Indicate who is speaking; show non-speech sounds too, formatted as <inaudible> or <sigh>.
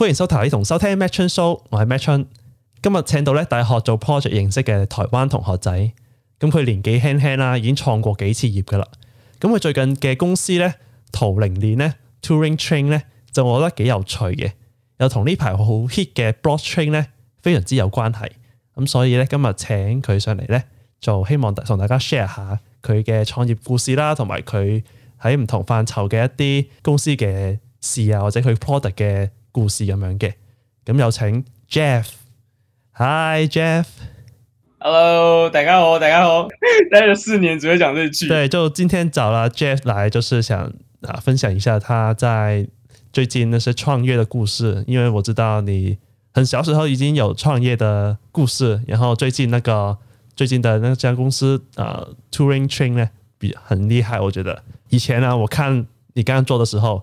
Speaker 1: 歡迎收睇，同收聽 madchun SHOW，我係 madchun。今日請到咧大學做 project 認識嘅台灣同學仔，咁佢年紀輕輕啦，已經創過幾次業噶啦。咁佢最近嘅公司咧，圖靈鏈咧，Turing Chain 咧，就我覺得幾有趣嘅，又同呢排好 hit 嘅 Blockchain 咧，非常之有關係。咁所以咧，今日請佢上嚟咧，就希望同大家 share 下佢嘅創業故事啦，同埋佢喺唔同範疇嘅一啲公司嘅事啊，或者佢 product 嘅。故事有樣有？咁有請 Jeff? Jeff。Hi Jeff，Hello，
Speaker 2: everyone , <laughs> 大家好，大家好。待了四年，只會講這句。對，
Speaker 1: 就今天找了 Jeff 來，就是想啊分享一下他在最近那些創業的故事。因為我知道你很小時候已經有創業的故事，然後最近那個最近的那家公司啊 TuringChain 呢，比很厲害，我覺得。以前呢、啊，我看你剛剛做的時候。